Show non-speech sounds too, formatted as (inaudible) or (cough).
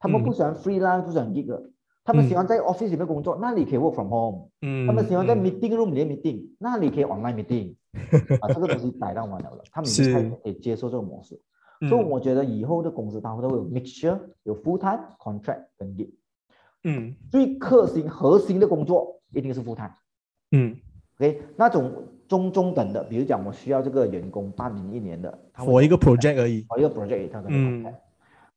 他們不喜歡 freelance，嗯、不想 gig 嘅，他們喜歡在 office 裏面工作，嗯、那你可以 work from home、嗯。他們喜歡在 meeting room 裡面 meeting，、嗯、那你可以 online meeting。 (laughs) 啊，這個東西擺到完了的，他們已經可以接受這個模式、嗯。所以我覺得以後的公司，他們都會有 mixture，有 full time、contract 跟 gig。嗯，最核心核心的工作一定是 full time 嗯。嗯，OK，那種中中等的，比如講我需要這個員工半年一年的，我一個 project 而已，我一個 project，